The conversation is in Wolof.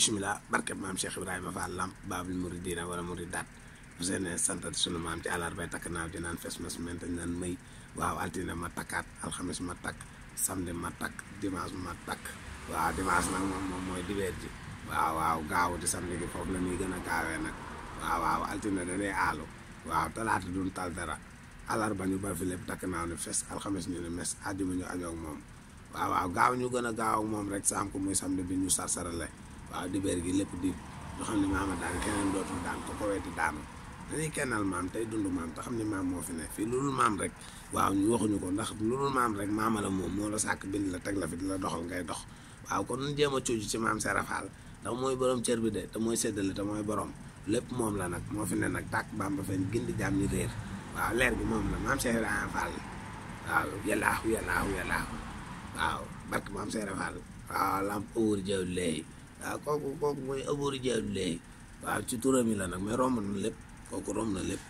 bisimilah barke maam Cheikh Ibrahima Fall Lamp Baabul Mouridina wala Mouridaat bu seen santat sunu maam ci àllarbay takk naaw di naan fes mas mente naan may waaw altine ma takkaat alxames ma takk samedi ma takk dimanche ma takk waaw dimanche nag moom moom mooy dibeer ji waaw waaw gaaw di samedi gi foofu la ñuy gën a gaawee nag waaw waaw altine danay aalu waaw talaata duñ tal dara àllarba ñu ba fi lépp takk naaw ne fes alxames ñu ne mes àjjuma ñu añoo ak moom waaw waaw gaaw ñu gën a gaaw ak moom rek saam ko muy samedi bi ñu sarsarale waaw dibéer gi lépp di nga xam ne maama daan keneen dootul daan ko ko weeti daanu dañuy kennal maam tey dund maam te xam ne maam moo fi ne fii lu dul maam rek waaw ñu ko ndax lu maam rek maama la moom moo la sàkk bind la teg la fi di dox kon a cuuj ci maam Serafal ndax mooy borom cër bi de te mooy séddale te borom lépp moom la nag moo fi ne nag tàkk bamba fen gindi jaam ñi réer waaw leer bi moom la maam Serafal Fall waaw yàllaahu waaw ah, kooku kooku mooy abori jaadu léegi waaw ci turam yi la nag mais romb na lépp kooku romb na lépp